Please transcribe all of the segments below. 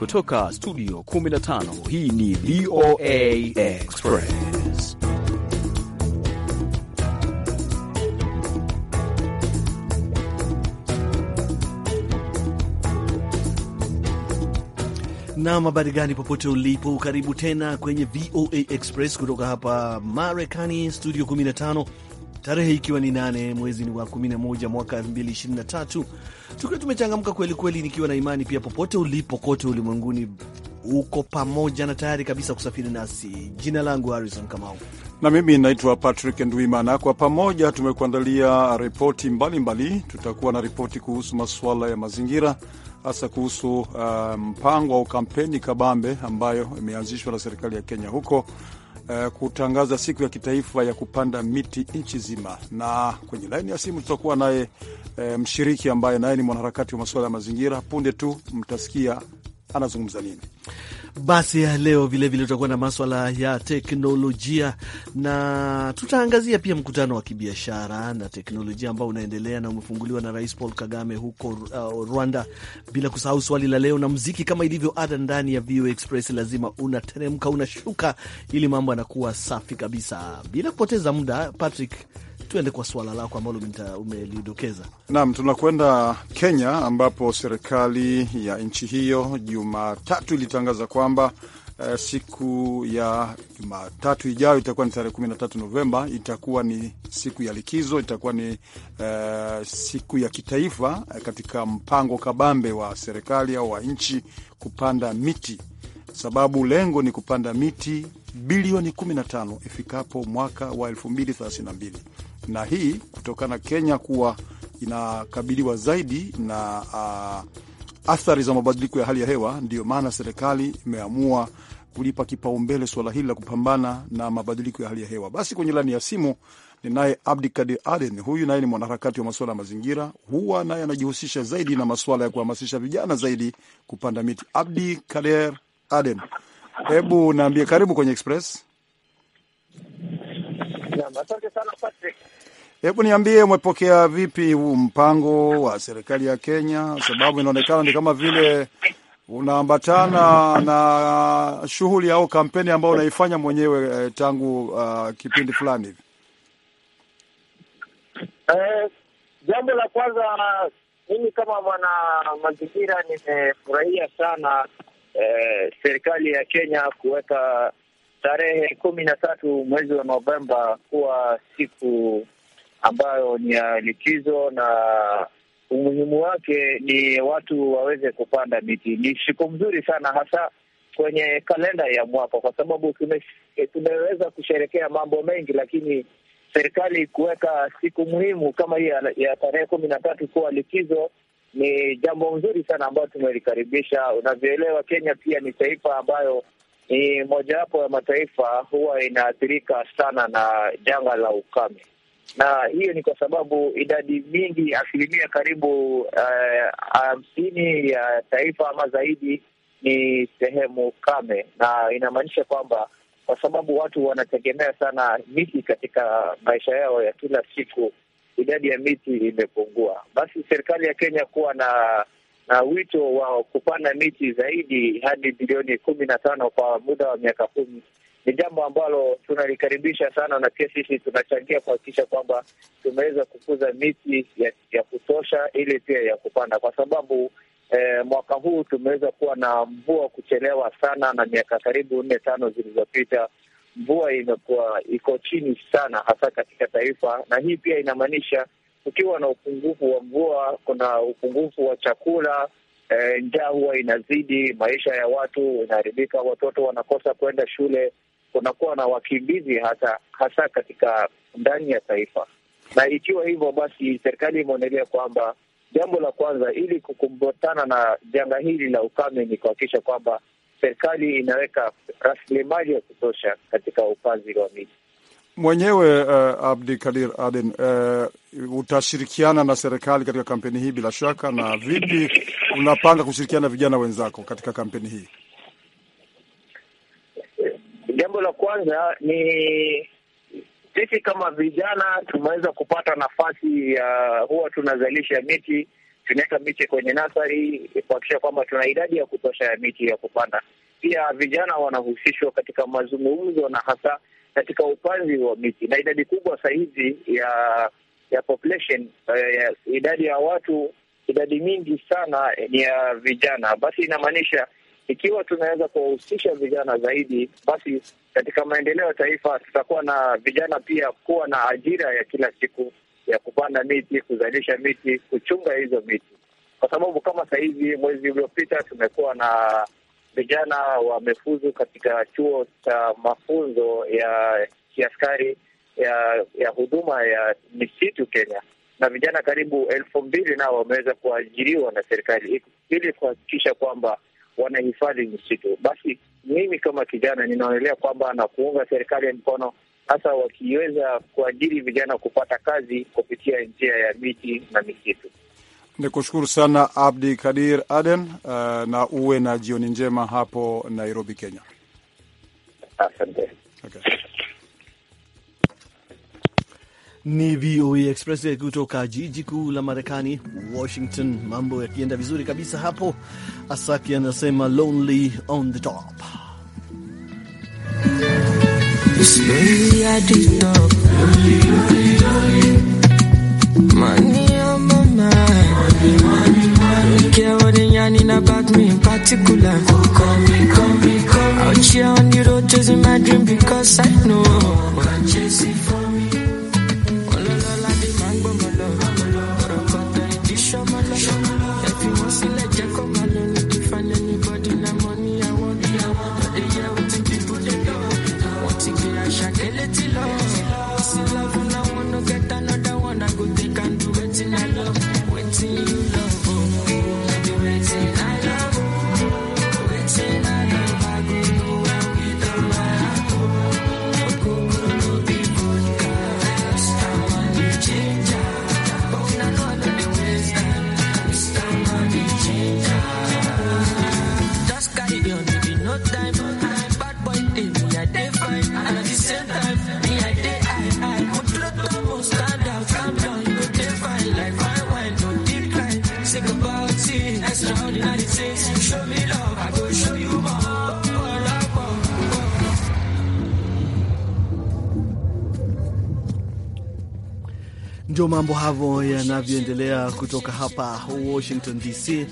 Kutoka studio 15 hii ni VOA Express. Nam, habari gani popote ulipo, karibu tena kwenye VOA Express kutoka hapa Marekani, studio 15 tarehe ikiwa ni nane mwezi ni wa 11 mwaka 2023, tukiwa tumechangamka kweli kweli, nikiwa na imani pia popote ulipo kote ulimwenguni uko pamoja na tayari kabisa kusafiri nasi. Jina langu Harrison Kamau na mimi naitwa Patrick Ndwimana. Kwa pamoja tumekuandalia ripoti mbalimbali. Tutakuwa na ripoti kuhusu masuala ya mazingira, hasa kuhusu uh, mpango um, au kampeni kabambe ambayo imeanzishwa na serikali ya Kenya huko Eh, kutangaza siku ya kitaifa ya kupanda miti nchi zima, na kwenye laini ya simu tutakuwa naye e, mshiriki ambaye naye ni mwanaharakati wa masuala ya mazingira. Punde tu mtasikia anazungumza nini. Basi ya leo vilevile tutakuwa na maswala ya teknolojia na tutaangazia pia mkutano wa kibiashara na teknolojia ambao unaendelea na umefunguliwa na Rais Paul Kagame huko uh, Rwanda, bila kusahau swali la leo na mziki. Kama ilivyo ada ndani ya VOA Express, lazima unateremka unashuka, ili mambo yanakuwa safi kabisa, bila kupoteza muda Patrick tuende kwa suala lako ambalo umelidokeza. Naam, tunakwenda Kenya ambapo serikali ya nchi hiyo Jumatatu ilitangaza kwamba eh, siku ya Jumatatu ijayo itakuwa ni tarehe 13 Novemba, itakuwa ni siku ya likizo, itakuwa ni eh, siku ya kitaifa eh, katika mpango kabambe wa serikali au wa nchi kupanda miti, sababu lengo ni kupanda miti bilioni 15 ifikapo mwaka wa 2032 na hii kutokana Kenya kuwa inakabiliwa zaidi na uh, athari za mabadiliko ya hali ya hewa. Ndiyo maana serikali imeamua kulipa kipaumbele suala hili la kupambana na mabadiliko ya hali ya hewa. Basi kwenye laini ya simu ninaye Abdikadir Aden, huyu naye ni mwanaharakati wa masuala ya mazingira, huwa naye anajihusisha zaidi na masuala ya kuhamasisha vijana zaidi kupanda miti. Abdi Kader Aden, hebu naambie, karibu kwenye Express. Asante sana Patrick. Hebu niambie, umepokea vipi huu mpango wa serikali ya Kenya? Sababu inaonekana ni kama vile unaambatana na shughuli au kampeni ambayo unaifanya mwenyewe eh, tangu uh, kipindi fulani hivi. Eh, jambo la kwanza mimi kama mwana mazingira nimefurahia sana eh, serikali ya Kenya kuweka tarehe kumi na tatu mwezi wa Novemba kuwa siku ambayo ni ya likizo na umuhimu wake ni watu waweze kupanda miti. Ni siku mzuri sana hasa kwenye kalenda ya mwaka, kwa sababu eh, tumeweza kusherekea mambo mengi, lakini serikali kuweka siku muhimu kama hii ya tarehe kumi na tatu kuwa likizo ni jambo mzuri sana ambayo tumelikaribisha. Unavyoelewa, Kenya pia ni taifa ambayo ni mojawapo ya mataifa huwa inaathirika sana na janga la ukame na hiyo ni kwa sababu idadi mingi, asilimia karibu eh, hamsini uh, ya taifa ama zaidi ni sehemu kame, na inamaanisha kwamba kwa sababu watu wanategemea sana miti katika maisha yao ya kila siku, idadi ya miti imepungua. Basi serikali ya Kenya kuwa na na wito wa kupanda miti zaidi hadi bilioni kumi na tano kwa muda wa miaka kumi ni jambo ambalo tunalikaribisha sana, na pia sisi tunachangia kuhakikisha kwamba tumeweza kukuza miti ya, ya kutosha ili pia ya kupanda, kwa sababu eh, mwaka huu tumeweza kuwa na mvua kuchelewa sana, na miaka karibu nne tano zilizopita mvua imekuwa iko chini sana, hasa katika taifa, na hii pia inamaanisha ukiwa na upungufu wa mvua, kuna upungufu wa chakula E, njaa huwa inazidi, maisha ya watu inaharibika, watoto wanakosa kwenda shule, kunakuwa na wakimbizi hata hasa katika ndani ya taifa, na ikiwa hivyo basi, serikali imeonelea kwamba jambo la kwanza ili kukumbatana na janga hili la ukame ni kuhakikisha kwamba serikali inaweka rasilimali ya kutosha katika upanzi wa miti mwenyewe. Uh, Abdi Kadir Aden, uh, utashirikiana na serikali katika kampeni hii bila shaka, na vipi unapanga kushirikiana na vijana wenzako katika kampeni hii? la kwanza ni sisi kama vijana tumeweza kupata nafasi ya uh, huwa tunazalisha miti, tunaweka miche kwenye nasari kuhakikisha kwamba tuna idadi ya kutosha ya miti ya kupanda. Pia vijana wanahusishwa katika mazungumzo na hasa katika upanzi wa miti, na idadi kubwa sahizi ya ya population uh, idadi ya watu, idadi mingi sana ni ya vijana, basi inamaanisha ikiwa tunaweza kuwahusisha vijana zaidi, basi katika maendeleo ya taifa tutakuwa na vijana pia kuwa na ajira ya kila siku ya kupanda miti, kuzalisha miti, kuchunga hizo miti, kwa sababu kama sahizi mwezi uliopita tumekuwa na vijana wamefuzu katika chuo cha mafunzo ya kiaskari ya ya huduma ya misitu Kenya, na vijana karibu elfu mbili nao wameweza kuajiriwa na serikali ili kuhakikisha kwamba wanahifadhi msitu. Basi mimi kama kijana ninaonelea kwamba na kuunga serikali mkono, hasa wakiweza kuajiri vijana kupata kazi kupitia njia ya miti na misitu. Ni kushukuru sana Abdi Kadir Aden. Uh, na uwe na jioni njema hapo Nairobi, Kenya. Asante okay. Ni VOA Express kutoka jiji kuu la Marekani, Washington. Mambo yakienda vizuri kabisa hapo. Asaki anasema lonely on the top Ndio mambo havo yanavyoendelea kutoka hapa Washington DC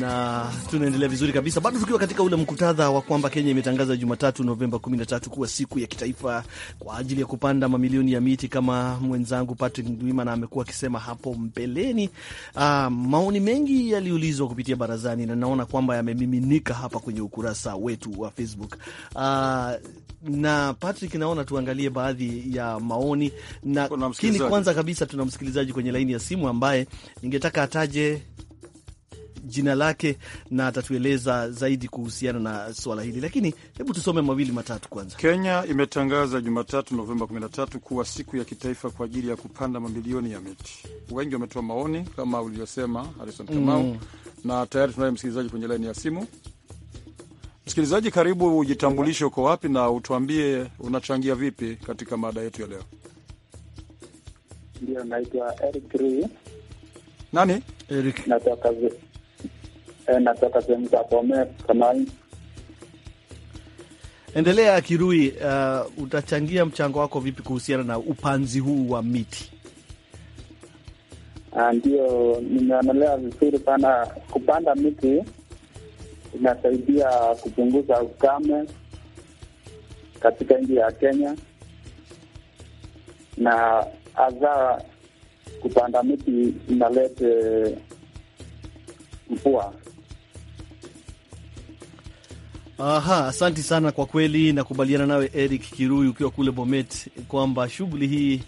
na tunaendelea vizuri kabisa, bado tukiwa katika ule mkutadha wa kwamba Kenya imetangaza Jumatatu Novemba 13 kuwa siku ya kitaifa kwa ajili ya kupanda mamilioni ya miti, kama mwenzangu Patrick Ndwimana amekuwa akisema hapo mbeleni. Uh, maoni mengi yaliulizwa kupitia barazani na naona kwamba yamemiminika hapa kwenye ukurasa wetu wa Facebook. Uh, na Patrick, naona tuangalie baadhi ya maoni, lakini kwanza kabisa tuna msikilizaji kwenye laini ya simu ambaye ningetaka ataje jina lake na atatueleza zaidi kuhusiana na swala hili, lakini hebu tusome mawili matatu kwanza. Kenya imetangaza Jumatatu Novemba 13 kuwa siku ya kitaifa kwa ajili ya kupanda mamilioni ya miti. Wengi wametoa maoni kama ulivyosema Harison Kamau. Mm. Na tayari tunaye msikilizaji kwenye laini ya simu. Msikilizaji, karibu, ujitambulishe, uko wapi na utuambie unachangia vipi katika mada yetu ya leo. Ndio, naitwa Eric Nani? Eric. Natoka Eh, nataka sehemu za Bomet kama hii. Endelea Kirui. Uh, utachangia mchango wako vipi kuhusiana na upanzi huu wa miti? Ah, ndio, nimeonelea vizuri sana kupanda miti, inasaidia kupunguza ukame katika nchi ya Kenya, na hasa kupanda miti inalete mvua Aha, asanti sana kwa kweli, nakubaliana nawe Eric Kirui ukiwa kule Bomet kwamba shughuli hii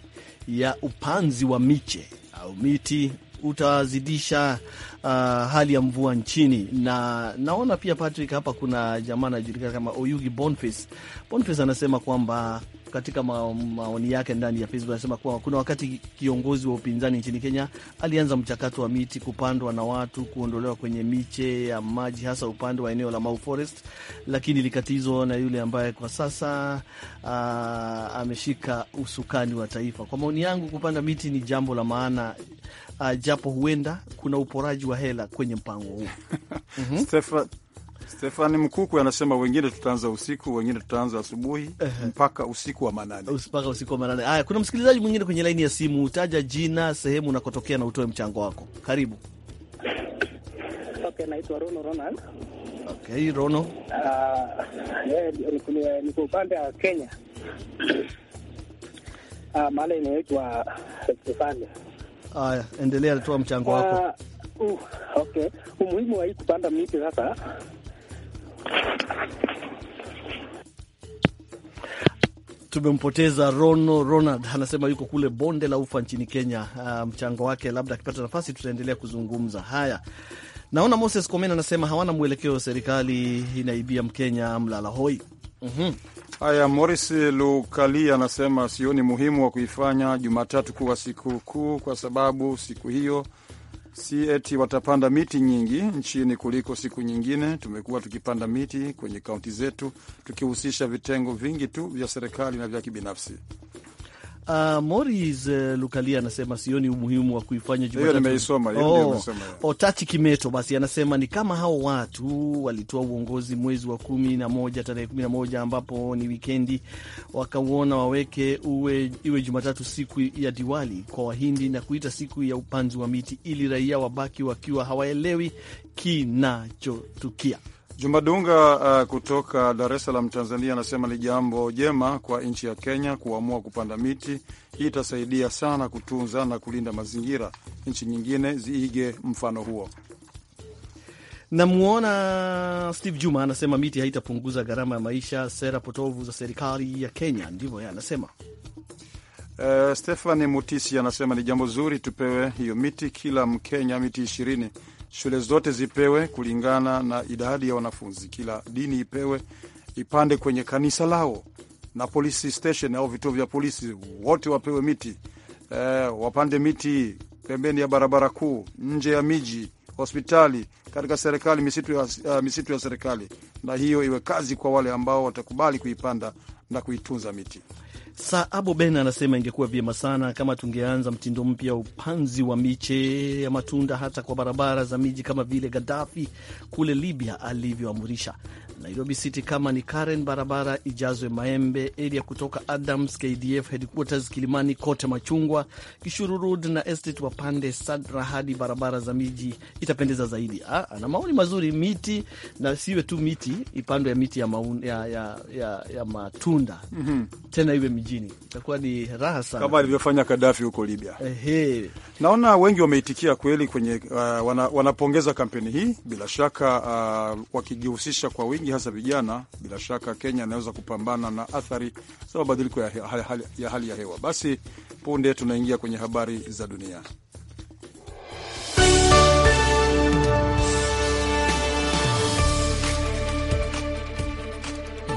ya upanzi wa miche au miti utazidisha uh, hali ya mvua nchini, na naona pia Patrick, hapa kuna jamaa anajulikana kama Oyugi Boniface. Boniface anasema kwamba katika ma, maoni yake ndani ya Facebook anasema kuwa kuna wakati kiongozi wa upinzani nchini Kenya alianza mchakato wa miti kupandwa na watu kuondolewa kwenye miche ya maji, hasa upande wa eneo la Mau Forest, lakini likatizwa na yule ambaye kwa sasa a, ameshika usukani wa taifa. Kwa maoni yangu, kupanda miti ni jambo la maana uh, japo huenda kuna uporaji wa hela kwenye mpango huu. mm -hmm. Stefani Mkuku anasema wengine tutaanza usiku, wengine tutaanza asubuhi mpaka usiku wa manane, mpaka usiku wa manane. Haya, kuna msikilizaji mwingine kwenye laini ya simu. Utaja jina, sehemu unakotokea na utoe mchango wako. Karibu. Okay, naitwa Rono Ronald. Okay, Rono. Uh, ah, yeah, niko upande wa Kenya. Uh, ah, mahala inaitwa Stefani. Haya, endelea, toa mchango wako. Uh, uh, okay, umuhimu wa hii kupanda miti sasa Tumempoteza Rono Ronald, anasema yuko kule bonde la ufa nchini Kenya. Uh, mchango wake labda akipata nafasi tutaendelea kuzungumza haya. Naona Moses Komen anasema hawana mwelekeo, serikali inaibia Mkenya mlala hoi. mm -hmm. Haya, Moris Lukali anasema sioni muhimu wa kuifanya Jumatatu kuwa sikukuu kwa sababu siku hiyo si eti watapanda miti nyingi nchini kuliko siku nyingine. Tumekuwa tukipanda miti kwenye kaunti zetu, tukihusisha vitengo vingi tu vya serikali na vya kibinafsi. Uh, Moris uh, Lukalia anasema sioni umuhimu wa kuifanya Jumatatu. Nimeisoma oh, Kimeto basi anasema ni kama hao watu walitoa uongozi mwezi wa kumi na moja tarehe kumi na moja ambapo ni wikendi, wakauona waweke uwe, iwe Jumatatu siku ya Diwali kwa Wahindi na kuita siku ya upanzi wa miti ili raia wabaki wakiwa hawaelewi kinachotukia jumadunga Dunga uh, kutoka Dar es Salaam, Tanzania, anasema ni jambo jema kwa nchi ya Kenya kuamua kupanda miti. Hii itasaidia sana kutunza na kulinda mazingira. Nchi nyingine ziige mfano huo. Namwona Steve Juma anasema miti haitapunguza gharama ya maisha, sera potovu za serikali ya Kenya. Ndivyo yeye anasema. Uh, Stefani Mutisi anasema ni jambo zuri, tupewe hiyo miti, kila Mkenya miti ishirini Shule zote zipewe kulingana na idadi ya wanafunzi, kila dini ipewe ipande kwenye kanisa lao, na polisi station au vituo vya polisi wote wapewe miti eh, wapande miti pembeni ya barabara kuu, nje ya miji, hospitali, katika serikali, misitu ya, uh, misitu ya serikali, na hiyo iwe kazi kwa wale ambao watakubali kuipanda na kuitunza miti. Sa Abo Ben anasema ingekuwa vyema sana kama tungeanza mtindo mpya wa upanzi wa miche ya matunda hata kwa barabara za miji kama vile Gaddafi kule Libya alivyoamurisha. Nairobi City kama ni Karen, barabara ijazwe maembe, eria kutoka Adams KDF headquarters Kilimani kote, machungwa Kishuru Road na estate wapande Sadra hadi barabara za miji itapendeza zaidi. Ah, ana maoni mazuri, miti na siwe tu miti, ipandwe ya miti ya, maun, ya, ya, ya, ya matunda mm -hmm. Tena iwe mijini, itakuwa ni raha sana kama alivyofanya Kadafi huko Libya. Ehe, naona wengi wameitikia kweli kwenye uh, wana, wanapongeza kampeni hii bila shaka uh, wakijihusisha kwa wingi wengi hasa vijana, bila shaka Kenya inaweza kupambana na athari za mabadiliko ya, ya hali ya hewa. Basi punde tunaingia kwenye habari za dunia.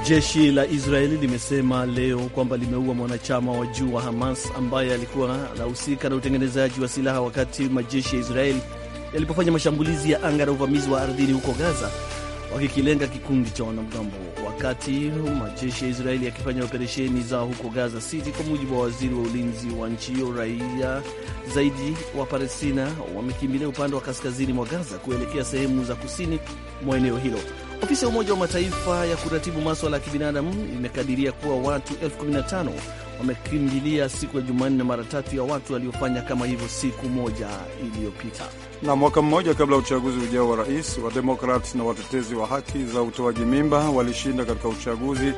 Jeshi la Israeli limesema leo kwamba limeua mwanachama wa juu wa Hamas ambaye alikuwa anahusika na utengenezaji wa silaha wakati majeshi ya Israeli yalipofanya mashambulizi ya anga na uvamizi wa ardhini huko Gaza wakikilenga kikundi cha wanamgambo, wakati majeshi ya Israeli yakifanya operesheni zao huko Gaza City. Kwa mujibu wa waziri wa ulinzi wa nchi hiyo, raia zaidi wa Palestina wamekimbilia upande wa kaskazini mwa Gaza kuelekea sehemu za kusini mwa eneo hilo. Ofisi ya Umoja wa Mataifa ya kuratibu maswala ya kibinadamu imekadiria kuwa watu elfu 15 wamekimbilia siku ya Jumanne mara tatu ya watu waliofanya kama hivyo siku moja iliyopita. Na mwaka mmoja kabla ya uchaguzi ujao wa rais, Wademokrat na watetezi wa haki za utoaji mimba walishinda katika uchaguzi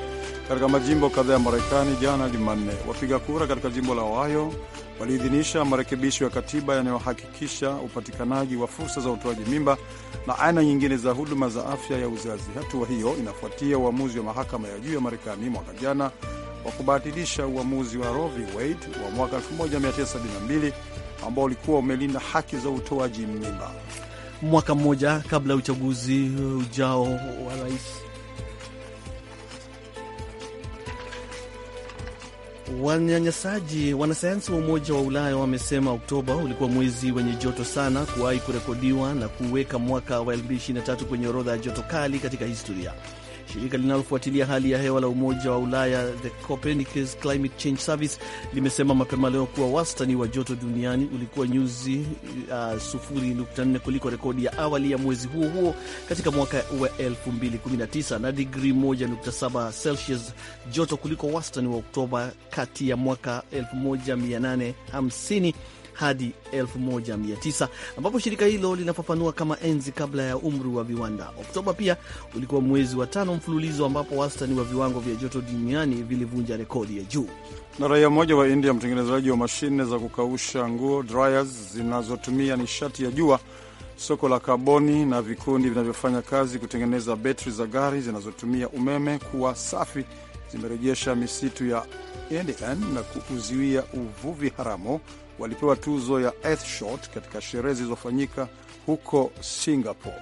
katika majimbo kadhaa ya Marekani jana Jumanne. Wapiga kura katika jimbo la Ohio waliidhinisha marekebisho ya katiba yanayohakikisha upatikanaji wa fursa za utoaji mimba na aina nyingine za huduma za afya ya uzazi. Hatua hiyo inafuatia uamuzi wa mahakama ya juu ya Marekani mwaka jana wa kubatilisha uamuzi wa Roe v. Wade wa mwaka 1972 ambao ulikuwa umelinda haki za utoaji mimba. Mwaka mmoja kabla ya uchaguzi ujao wa rais Wanyanyasaji. Wanasayansi wa Umoja wa Ulaya wamesema Oktoba ulikuwa mwezi wenye joto sana kuwahi kurekodiwa na kuweka mwaka wa 2023 kwenye orodha ya joto kali katika historia. Shirika linalofuatilia hali ya hewa la Umoja wa Ulaya, the Copernicus Climate Change Service, limesema mapema leo kuwa wastani wa joto duniani ulikuwa nyuzi uh, nne kuliko rekodi ya awali ya mwezi huo huo katika mwaka wa 2019 na digri 1.7 Celsius joto kuliko wastani wa Oktoba kati ya mwaka 1850 hadi 1900 ambapo shirika hilo linafafanua kama enzi kabla ya umri wa viwanda. Oktoba pia ulikuwa mwezi wa tano mfululizo ambapo wastani wa viwango vya joto duniani vilivunja rekodi ya juu. Na raia mmoja wa India, mtengenezaji wa mashine za kukausha nguo dryers zinazotumia nishati ya jua, soko la kaboni na vikundi vinavyofanya kazi kutengeneza betri za gari zinazotumia umeme kuwa safi zimerejesha misitu ya Indian na kuuzuia uvuvi haramu walipewa tuzo ya Earthshot katika sherehe zilizofanyika huko Singapore.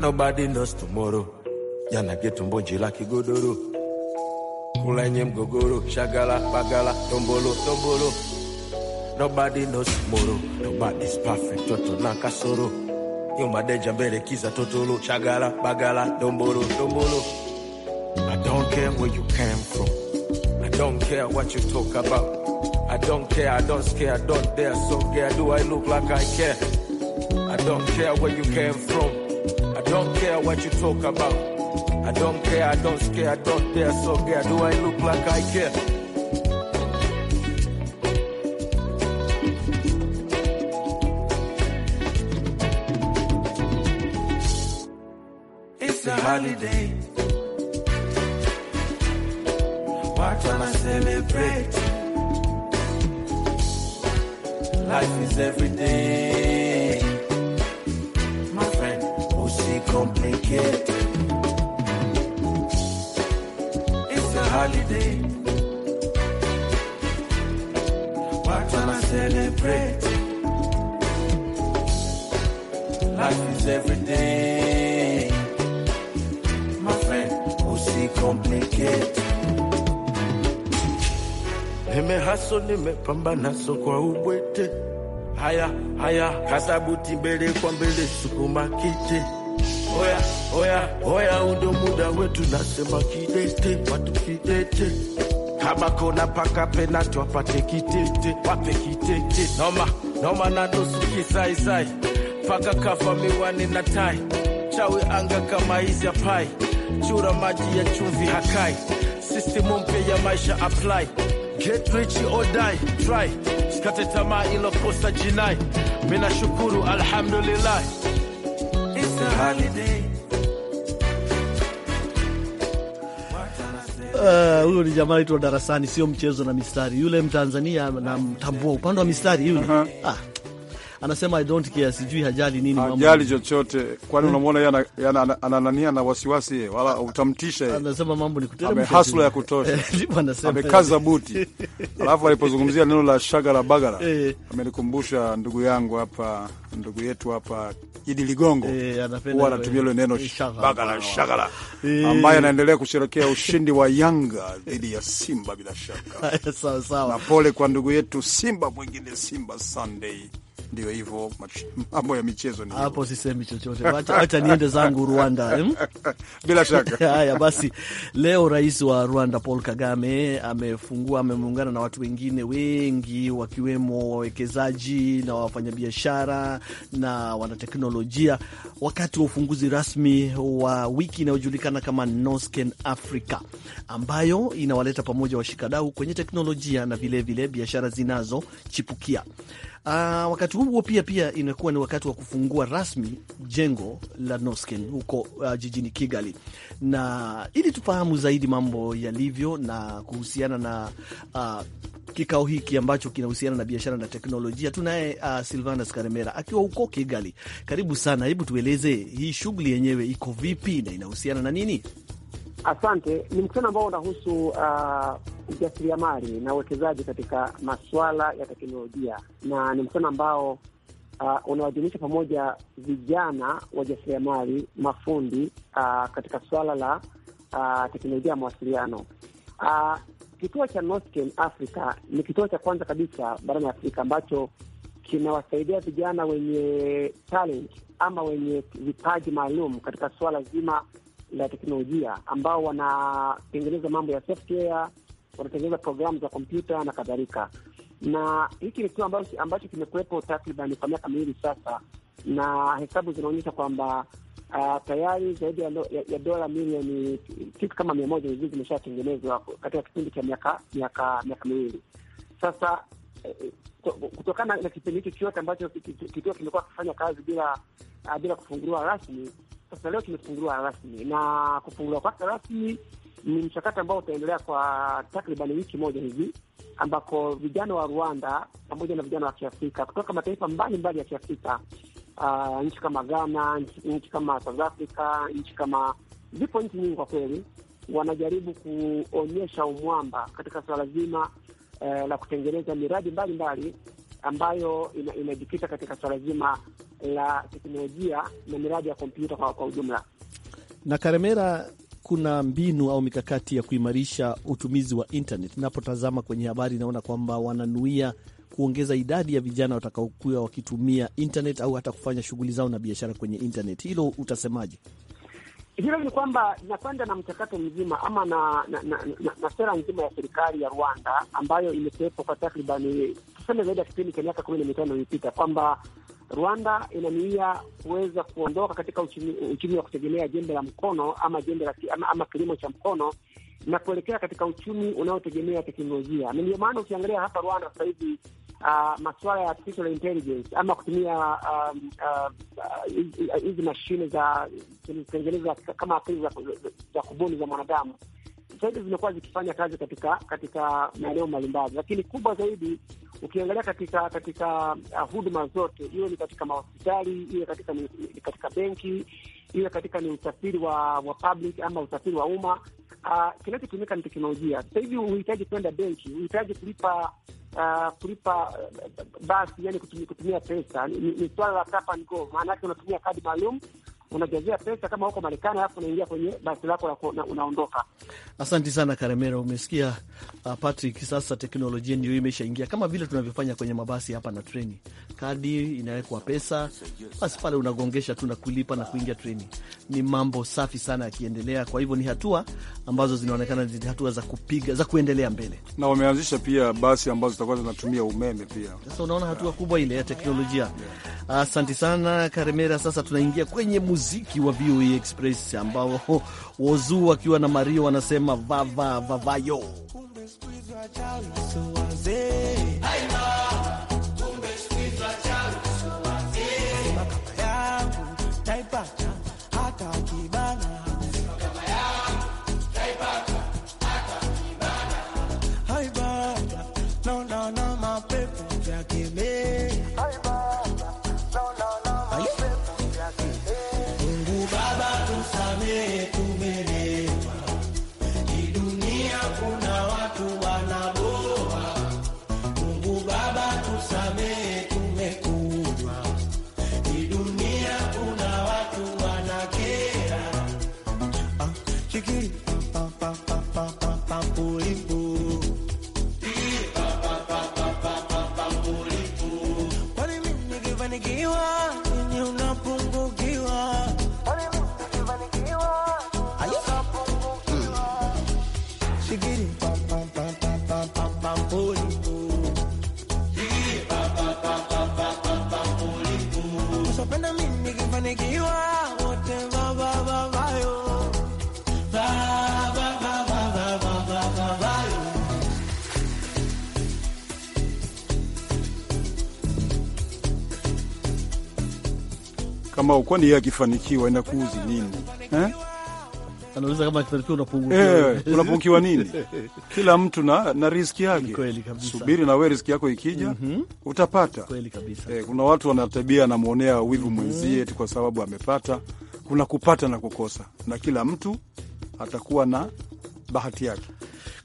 Nobody knows tomorrow, jana getu getumbonji la kigodoro Kula kulenye mgogoro shagala bagala tombolo tombolo. Nobody knows tomorrow, nobody's perfect toto na kasoro nyuma deja mbele kiza totolo chagala bagala dombolo dombolo I don't care where you came from I don't care what you talk about I don't care I don't care I don't dare so care do I look like I care I don't care where you came from I don't care what you talk about I don't care I don't care I don't dare so care do I look like I care holiday. Watch and I celebrate. Life is every day. My friend, oh she complicated. It's a holiday. Watch and I celebrate. Life is every day. complicate. Nimehaso, nimepambana so kwa ubwete. Haya haya, kasabuti mbele kwa mbele, sukuma kite. Oya oya oya, undo muda wetu, nasema kidete, watu kidete kama kona paka penati wapate kitete, wape kitete noma noma na nusu kisaisai paka kafa miwani na tai chawi anga kama hizi apai chura maji ya chumvi hakai, sistimu mpya ya maisha apply, get rich or die try, sikate tamaa ilokosa jinai, mina shukuru alhamdulillah, it's a holiday eh, Huyo uh, ni jamaa aitwa Darasani, sio mchezo na mistari yule Mtanzania, namtambua upande wa mistari yule uh -huh. ah anasema I don't care, sijui hajali nini, hajali chochote. Kwani hmm? unamwona yeye ananania na wasiwasi, wala utamtisha? Anasema mambo ni kuteremsha, hasla ya kutosha, amekaza buti. Alafu alipozungumzia neno la shagala bagala, eh. amenikumbusha ndugu yangu hapa, ndugu yetu hapa Idi Ligongo eh, huwa anatumia ile neno eh, bagala shagala, ambaye anaendelea kusherekea ushindi wa Yanga dhidi ya Simba bila shaka. Sawa sawa, na pole kwa ndugu yetu Simba mwingine, Simba Sunday ndio hivyo mambo ya michezo ni hapo, sisemi chochote, wacha niende zangu Rwanda hmm? bila shaka haya basi, leo rais wa Rwanda Paul Kagame amefungua, ameungana na watu wengine wengi wakiwemo wawekezaji na wafanyabiashara na wanateknolojia wakati wa ufunguzi rasmi wa wiki inayojulikana kama Nosken Africa ambayo inawaleta pamoja washikadau kwenye teknolojia na vilevile biashara zinazochipukia. Uh, wakati huo pia pia inakuwa ni wakati wa kufungua rasmi jengo la Nosken huko uh, jijini Kigali, na ili tufahamu zaidi mambo yalivyo na kuhusiana na uh, kikao hiki ambacho kinahusiana na biashara na teknolojia, tunaye uh, Silvana Karemera akiwa huko Kigali. Karibu sana, hebu tueleze hii shughuli yenyewe iko vipi na inahusiana na nini? Asante. Ni mkutano ambao unahusu uh, ujasiriamali uh, na uwekezaji katika masuala ya teknolojia, na ni mkutano ambao uh, unawajumuisha pamoja vijana wajasiriamali, mafundi uh, katika suala la uh, teknolojia ya mawasiliano uh, Kituo cha Norsken Africa ni kituo cha kwanza kabisa barani Afrika ambacho kinawasaidia vijana wenye talent ama wenye vipaji maalum katika suala zima la teknolojia ambao wanatengeneza mambo ya software, wanatengeneza programu za kompyuta na kadhalika. Na hiki ni kitu ambacho, ambacho kimekuwepo takriban kwa miaka miwili sasa, na hesabu zinaonyesha kwamba uh, tayari zaidi ya, ya, ya dola milioni kitu kama mia moja hivi zimeshatengenezwa katika kipindi cha miaka miaka miaka miwili sasa eh, kutokana na kipindi hicho chote ambacho kituo kimekuwa kifanya kazi bila bila kufunguliwa rasmi, sasa leo kimefunguliwa rasmi, na kufunguliwa kwake rasmi ni mchakato ambao utaendelea kwa takriban wiki moja hivi, ambako vijana wa Rwanda pamoja na vijana wa Kiafrika kutoka mataifa mbalimbali ya Kiafrika, uh, nchi kama Ghana, nchi, kama South Africa, nchi kama zipo nchi nyingi kwa kweli, wanajaribu kuonyesha umwamba katika suala zima eh, la kutengeneza miradi mbalimbali mbali, ambayo inajikita ina katika suala zima la teknolojia na miradi ya kompyuta kwa, kwa ujumla. Na Karemera, kuna mbinu au mikakati ya kuimarisha utumizi wa internet? Napotazama kwenye habari naona kwamba wananuia kuongeza idadi ya vijana watakaokuwa wakitumia internet au hata kufanya shughuli zao na biashara kwenye internet. Hilo utasemaje? Hilo ni kwamba inakwenda na mchakato mzima ama na, na, na, na, na sera nzima ya serikali ya Rwanda ambayo imekuwepo kwa takribani tuseme zaidi ya kipindi cha miaka kumi na mitano iliyopita kwamba Rwanda ina kuweza kuondoka katika uchumi wa kutegemea jembe la mkono ama jembe la ama, ama kilimo cha mkono na kuelekea katika uchumi unaotegemea teknolojia. Na ndio maana ukiangalia hapa Rwanda sasa hivi uh, masuala ya artificial intelligence ama kutumia um, ah, ah, hizi uh, uh, mashine za zilizotengenezwa kama akili za, za kubuni za mwanadamu sasa hivi zimekuwa zikifanya kazi katika katika maeneo mbalimbali, lakini kubwa zaidi ukiangalia katika katika uh, huduma zote, iwe ni katika mahospitali, iwe katika ni, katika benki, iwe katika ni usafiri wa wa public ama usafiri wa umma, uh, kinachotumika ni teknolojia. Sasa hivi huhitaji kwenda benki, huhitaji kulipa Uh, kulipa uh, basi, yani kutumia, kutumia pesa ni, ni swala la tap and go. Maana yake unatumia kadi maalum unajazia pesa kama huko Marekani, alafu unaingia kwenye basi lako unaondoka. Asanti sana Karemera. Umesikia uh, Patrick. Sasa teknolojia ndio imeshaingia kama vile tunavyofanya kwenye mabasi hapa na treni, kadi inawekwa pesa, basi pale unagongesha tu na kulipa na kuingia treni. Ni mambo safi sana yakiendelea. Kwa hivyo ni hatua ambazo zinaonekana ni hatua za kupiga za kuendelea mbele, na wameanzisha pia basi ambazo zitakuwa zinatumia umeme pia. Sasa unaona hatua kubwa ile ya teknolojia. Asanti sana Karemera. Sasa tunaingia kwenye muzi muziki wa VOA e Express ambao Wozu wakiwa na Mario wanasema vava vavayo Kamau, kwani yeye akifanikiwa inakuuzi nini eh? Anauliza kama akifanikiwa unapungukiwa eh, unapungukiwa nini? Kila mtu na, na riski yake. Subiri na wewe riski yako ikija, mm -hmm. utapata. Kweli kabisa. Eh, kuna watu wana tabia, anamwonea wivu mhm. mwenzie eti kwa sababu amepata. Kuna kupata na kukosa, na kila mtu atakuwa na bahati yake.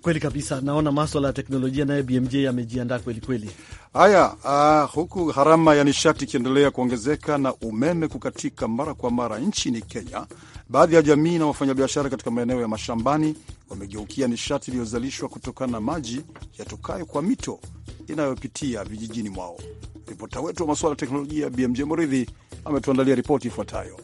Kweli kabisa, naona maswala ya teknolojia naye BMJ amejiandaa kweli kweli. Haya, uh, huku gharama ya nishati ikiendelea kuongezeka na umeme kukatika mara kwa mara nchini Kenya, baadhi ya jamii na wafanyabiashara katika maeneo ya mashambani wamegeukia nishati iliyozalishwa kutokana na maji yatokayo kwa mito inayopitia vijijini mwao. Ripota wetu wa masuala ya teknolojia BMJ Moridhi ametuandalia ripoti ifuatayo.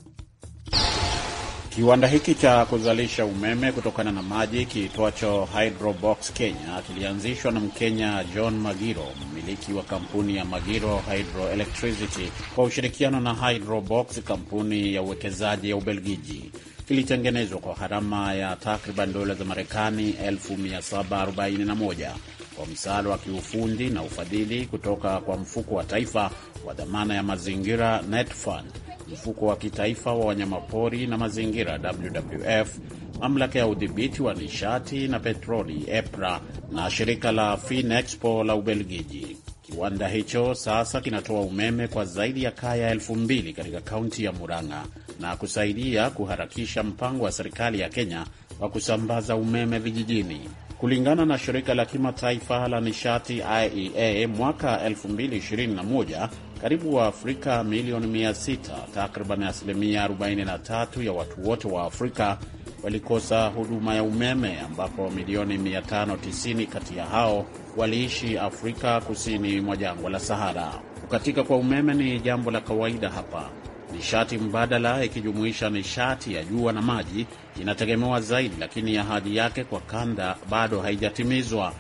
Kiwanda hiki cha kuzalisha umeme kutokana na maji kiitwacho Hydrobox Kenya kilianzishwa na Mkenya John Magiro, mmiliki wa kampuni ya Magiro Hydroelectricity, kwa ushirikiano na Hydrobox, kampuni ya uwekezaji ya Ubelgiji. Kilitengenezwa kwa gharama ya takriban dola za Marekani 1741 kwa msaada wa kiufundi na ufadhili kutoka kwa mfuko wa taifa wa dhamana ya mazingira, Net Fund mfuko wa kitaifa wa wanyamapori na mazingira WWF, mamlaka ya udhibiti wa nishati na petroli EPRA na shirika la Finexpo la Ubelgiji. Kiwanda hicho sasa kinatoa umeme kwa zaidi ya kaya elfu mbili katika kaunti ya Murang'a na kusaidia kuharakisha mpango wa serikali ya Kenya wa kusambaza umeme vijijini. Kulingana na shirika la kimataifa la nishati IEA, mwaka 2021 karibu wa afrika milioni 600, takriban asilimia 43 ya watu wote wa Afrika walikosa huduma ya umeme, ambapo milioni 590 kati ya hao waliishi Afrika kusini mwa jangwa la Sahara. Kukatika kwa umeme ni jambo la kawaida hapa Nishati mbadala ikijumuisha nishati ya jua na maji inategemewa zaidi, lakini ahadi yake kwa kanda bado haijatimizwa.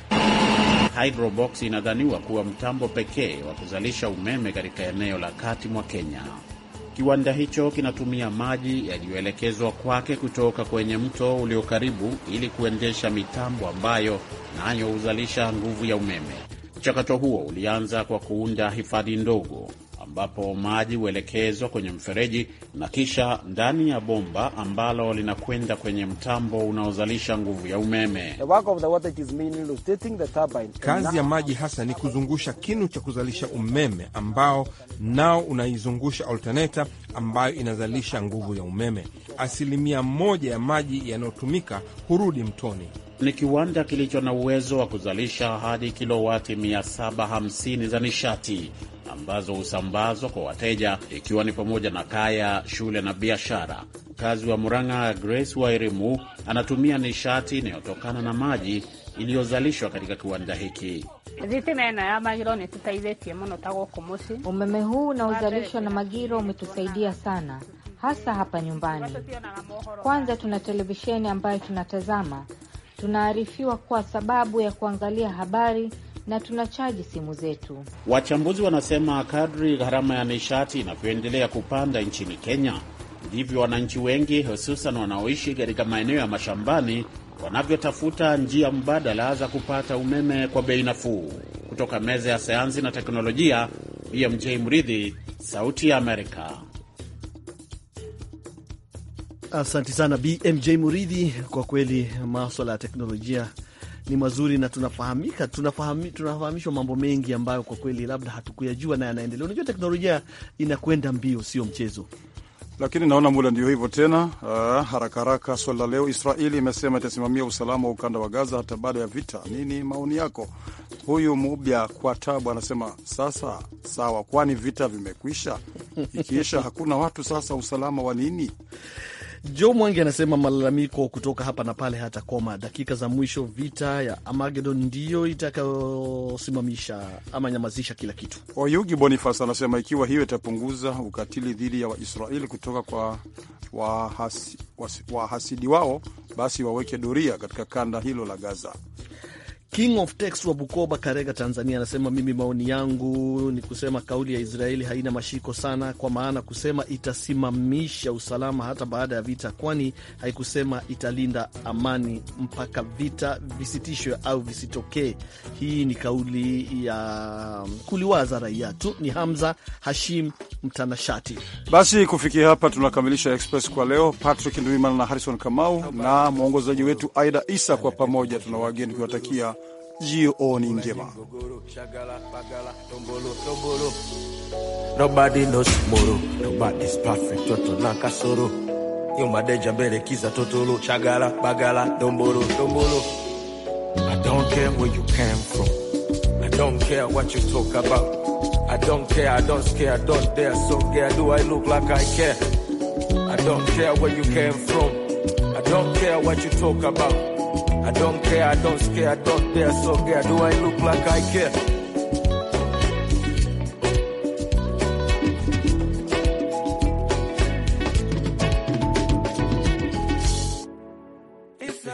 Hydrobox inadhaniwa kuwa mtambo pekee wa kuzalisha umeme katika eneo la kati mwa Kenya. Kiwanda hicho kinatumia maji yaliyoelekezwa kwake kutoka kwenye mto ulio karibu ili kuendesha mitambo ambayo nayo huzalisha nguvu ya umeme. Mchakato huo ulianza kwa kuunda hifadhi ndogo ambapo maji huelekezwa kwenye mfereji na kisha ndani ya bomba ambalo linakwenda kwenye mtambo unaozalisha nguvu ya umeme. Kazi ya maji hasa ni kuzungusha kinu cha kuzalisha umeme ambao nao unaizungusha alternator ambayo inazalisha nguvu ya umeme. Asilimia moja ya maji yanayotumika hurudi mtoni. Ni kiwanda kilicho na uwezo wa kuzalisha hadi kilowati 750 za nishati ambazo husambazwa kwa wateja, ikiwa ni pamoja na kaya, shule na biashara. Mkazi wa Murang'a, Grace Wairimu, anatumia nishati inayotokana na maji iliyozalishwa katika kiwanda hiki. Umeme huu unaozalishwa na Magiro umetusaidia sana, hasa hapa nyumbani. Kwanza tuna televisheni ambayo tunatazama, tunaarifiwa kwa sababu ya kuangalia habari na tunachaji simu zetu. Wachambuzi wanasema kadri gharama ya nishati inavyoendelea kupanda nchini Kenya, ndivyo wananchi wengi, hususan wanaoishi katika maeneo ya mashambani, wanavyotafuta njia mbadala za kupata umeme kwa bei nafuu. Kutoka meza ya sayansi na teknolojia, BMJ Mridhi, Sauti ya Amerika. Asante sana BMJ Muridhi, kwa kweli maswala ya teknolojia ni mazuri na tunafahamika, tunafahami, tunafahamishwa mambo mengi ambayo kwa kweli labda hatukuyajua na yanaendelea. Unajua teknolojia inakwenda mbio, sio mchezo lakini naona muda ndio hivyo tena. Uh, haraka haraka swali la leo, Israeli imesema itasimamia usalama wa ukanda wa Gaza hata baada ya vita. Nini maoni yako? Huyu Mubya kwa tabu anasema sasa sawa, kwani vita vimekwisha? Ikiisha hakuna watu, sasa usalama wa nini? jo Mwangi anasema malalamiko kutoka hapa na pale hata koma. Dakika za mwisho vita ya Amagedon ndiyo itakayosimamisha ama nyamazisha kila kitu. Oyugi Bonifas anasema ikiwa hiyo itapunguza ukatili dhidi ya Waisraeli kutoka kwa wahasidi wao, basi waweke doria katika kanda hilo la Gaza. King of Tex wa Bukoba, Karega, Tanzania anasema mimi, maoni yangu ni kusema kauli ya Israeli haina mashiko sana, kwa maana kusema itasimamisha usalama hata baada ya vita, kwani haikusema italinda amani mpaka vita visitishwe au visitokee. Hii ni kauli ya kuliwaza raia tu. Ni Hamza Hashim Mtanashati. Basi kufikia hapa tunakamilisha Express kwa leo. Patrick Ndwimana na Harrison Kamau na mwongozaji wetu Aida Isa, kwa pamoja tuna wageni kuwatakia jio jioni njema. Nobody knows tomorrow, nobody's perfect, watu na kasoro umadeja mbele kiza totolo chagala bagala dombolo dombolo. I don't care where you came from, I don't care what you talk about. I don't care, I don't care, I don't dare. So care, do I look like I care? I don't care where you came from, I don't care what you talk about. I don't care, I don't scare, I don't dare, so care. Do I look like I care?